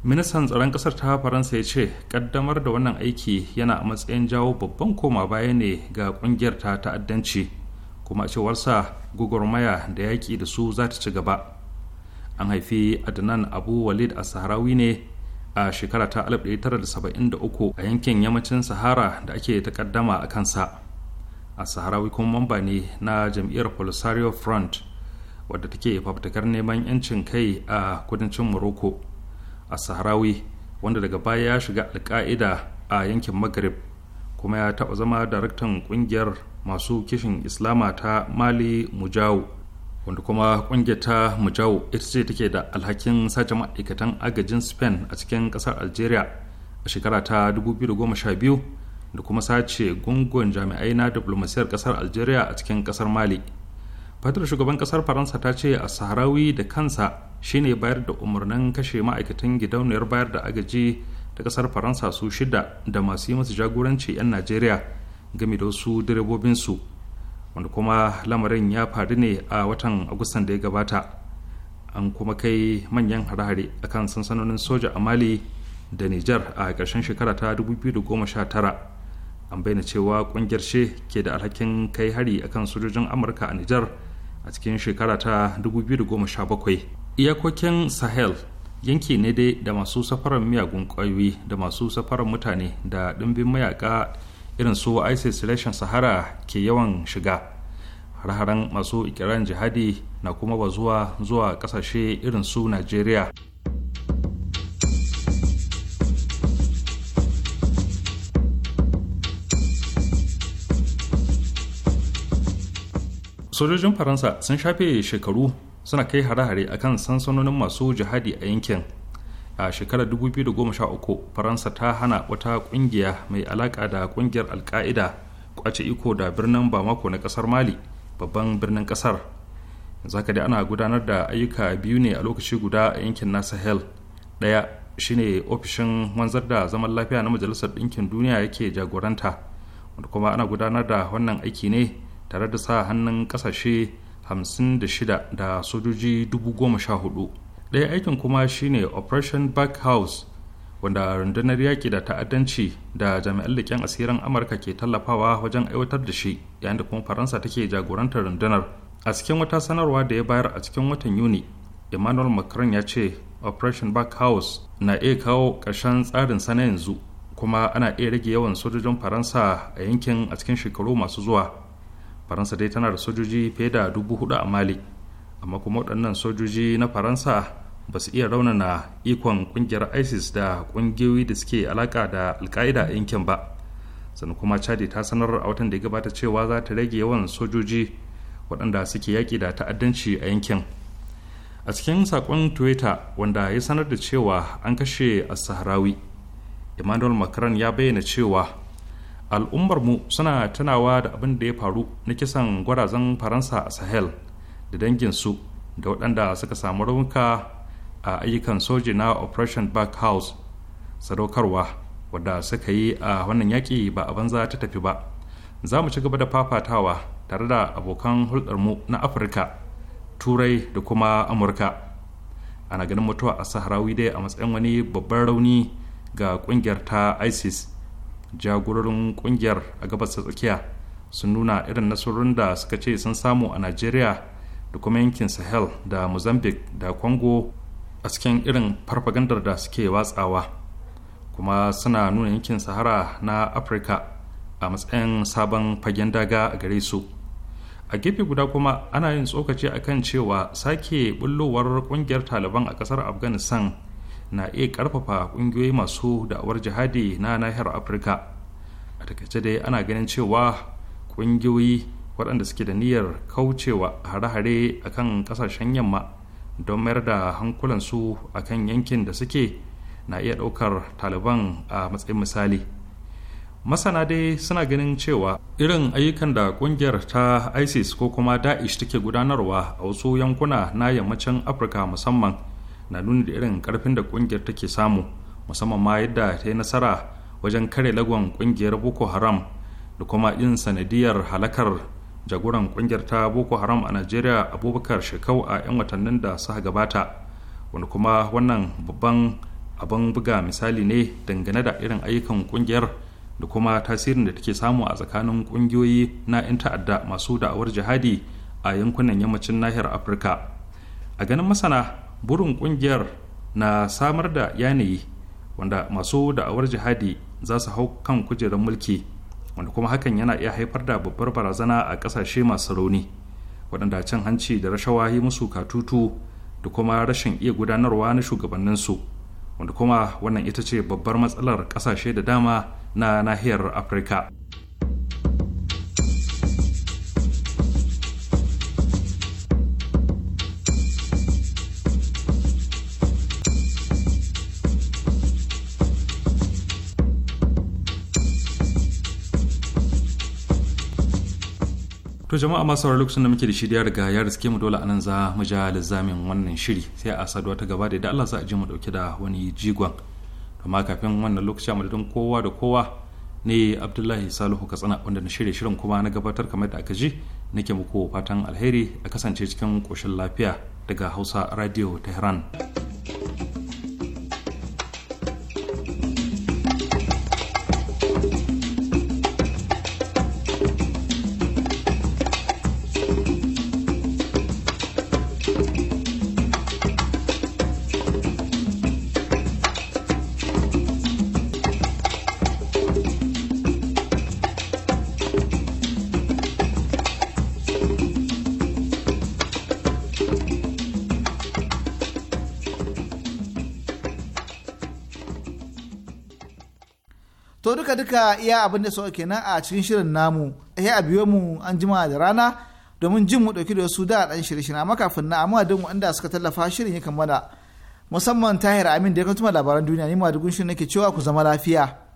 ministan tsaron kasar ta faransa ya ce kaddamar da wannan aiki yana a matsayin jawo babban koma baya ne ga kungiyar ta ta'addanci kuma a cewarsa gugurmaya da yaƙi da su za ta ci gaba an haifi adnan abu walid a saharawi ne a shekara ta 1973 a yankin yammacin sahara da ake ta takaddama a kansa a saharawi kuma mamba ne na jam'iyyar polisario front wadda take fafutukar neman 'yancin kai a kudancin morocco a saharawi wanda daga baya ya shiga alka'ida a yankin maghrib kuma ya taɓa zama daraktan ƙungiyar masu kishin islama ta mali mujawu wanda kuma ƙungiyar ta mujawu ita ce take da alhakin sace ma'aikatan agajin spain a cikin ƙasar algeria a shekara ta 2012 da kuma sace gungun jami'ai na diplomasiyar ƙasar algeria a cikin ƙasar mali fatar shugaban ƙasar faransa ta ce a saharawi da kansa shine bayar da umarnin kashe ma'aikatan gidauniyar bayar da agaji ta kasar faransa su shida da masu yi masu jagoranci 'yan najeriya game da wasu direbobinsu wanda kuma lamarin ya faru ne a watan agustan da ya gabata an kuma kai manyan hare-hare akan sansanonin soja a mali da nijar a ƙarshen shekara ta 2019 an bayyana cewa ƙungiyar she ke da alhakin kai hari akan sojojin amurka a nijar a cikin shekara ta 2017 iyakokin sahel yanki ne dai da masu safarar miyagun ƙwayoyi da masu safarar mutane da ɗimbin mayaka irin su isis reshen sahara ke yawan shiga har-haren masu ikirarin jihadi na kuma bazuwa zuwa ƙasashe irin su nigeria. sojojin faransa sun shafe shekaru suna kai hare-hare akan sansanonin masu jihadi a yankin a shekarar 2013 faransa ta hana wata kungiya mai alaka da kungiyar alka'ida kwace iko da birnin bamako na kasar mali babban birnin kasar zaka da ana gudanar da ayyuka biyu ne a lokaci guda a yankin na sahel daya shine ofishin wanzar da zaman lafiya na majalisar ɗinkin duniya yake jagoranta wanda kuma ana gudanar da wannan aiki ne tare da sa hannun kasashe 56 da sojoji 14,000 ɗaya aikin kuma shine operation back house wanda rundunar yaƙi da ta'addanci da jami'an leƙen asirin amurka ke tallafawa wajen aiwatar da shi yayin da kuma faransa take jagorantar rundunar a cikin wata sanarwa da ya bayar a cikin watan yuni emmanuel macron ya ce operation back house na iya kawo ƙarshen tsarin sana yanzu kuma ana iya rage yawan sojojin faransa a yankin a cikin shekaru masu zuwa faransa dai tana da sojoji fiye da dubu hudu a mali amma kuma waɗannan sojoji na faransa ba su iya raunana ikon ƙungiyar isis da ƙungiyoyi da suke alaka da alka'ida a yankin ba sannan kuma chadi ta sanar a watan da ya gabata cewa za ta rage yawan sojoji waɗanda suke yaƙi da ta'addanci a yankin a cikin saƙon twitter wanda ya sanar da cewa an kashe a sahrawi emmanuel macron ya bayyana cewa al'ummar mu suna tunawa da abin da ya faru na kisan gwarazan faransa a sahel da danginsu da waɗanda suka samu raunuka a ayyukan soji na operation back house sadaukarwa wadda suka yi a wannan yaƙi ba a banza ta tafi ba za mu ci gaba da fafatawa tare da abokan hulɗarmu na afirka turai da kuma amurka ana ganin mutuwa a sahrawi dai a matsayin wani babban rauni ga ƙungiyar ta isis jagororin kungiyar a gabas ta tsakiya sun nuna irin nasarorin da suka ce sun samu a najeriya da kuma yankin sahel da mozambique da congo a cikin irin farfagandar da suke watsawa kuma suna nuna yankin sahara na afirka a matsayin sabon fagen daga a gare su a gefe guda kuma ana yin tsokaci akan cewa sake bullowar kungiyar taliban a kasar afghanistan na iya karfafa kungiyoyi masu da'awar jihadi na nahiyar afirka a takaice dai ana ganin cewa kungiyoyi waɗanda suke da niyyar kaucewa hare-hare a kan ƙasashen yamma don mayar da hankulansu a kan yankin da suke na iya ɗaukar taliban a matsayin misali masana dai suna ganin cewa irin ayyukan da kungiyar ta isis ko kuma da'ish take gudanarwa a wasu yankuna na yammacin afirka musamman na nuni da irin karfin da kungiyar take samu musamman ma yadda ta yi nasara wajen kare lagon kungiyar boko haram da kuma yin sanadiyar halakar jagoran kungiyar ta boko haram a najeriya abubakar shekau a 'yan watannin da suka gabata wani kuma wannan babban abin buga misali ne dangane da irin ayyukan kungiyar da kuma tasirin da take samu a tsakanin kungiyoyi na 'yan ta'adda masu da'awar jihadi a yankunan yammacin nahiyar afirka a ganin masana burin kungiyar na samar da yanayi wanda masu da'awar jihadi za su hau kan kujerar mulki wanda kuma hakan yana iya haifar da babbar barazana a ƙasashe masu rauni waɗanda cin hanci da rashawa yi musu katutu da kuma rashin iya gudanarwa na shugabanninsu wanda kuma wannan ita ce babbar matsalar ƙasashe da dama na nahiyar afirka to jama'a masu sauraron lokacin da muke da shirya riga ya riske mu dole anan za mu ja lizamin wannan shiri sai a saduwa ta gaba da Allah za a je mu dauke da wani jigon amma kafin wannan lokaci a madadin kowa da kowa ne Abdullahi Salihu Katsina wanda na shirya shirin kuma na gabatar kamar da aka ji nake muku fatan alheri a kasance cikin koshin lafiya daga Hausa Radio Tehran. ka iya abin da sauke kenan a cikin shirin namu ya eh, a biyo mu an jima da rana domin jin mu dauki da wasu da dan shirye shirye amma kafin na amma duk wanda suka tallafa shirin ya kammala musamman tahir amin da ya kuma labaran duniya ni ma dugun shirin nake cewa ku zama lafiya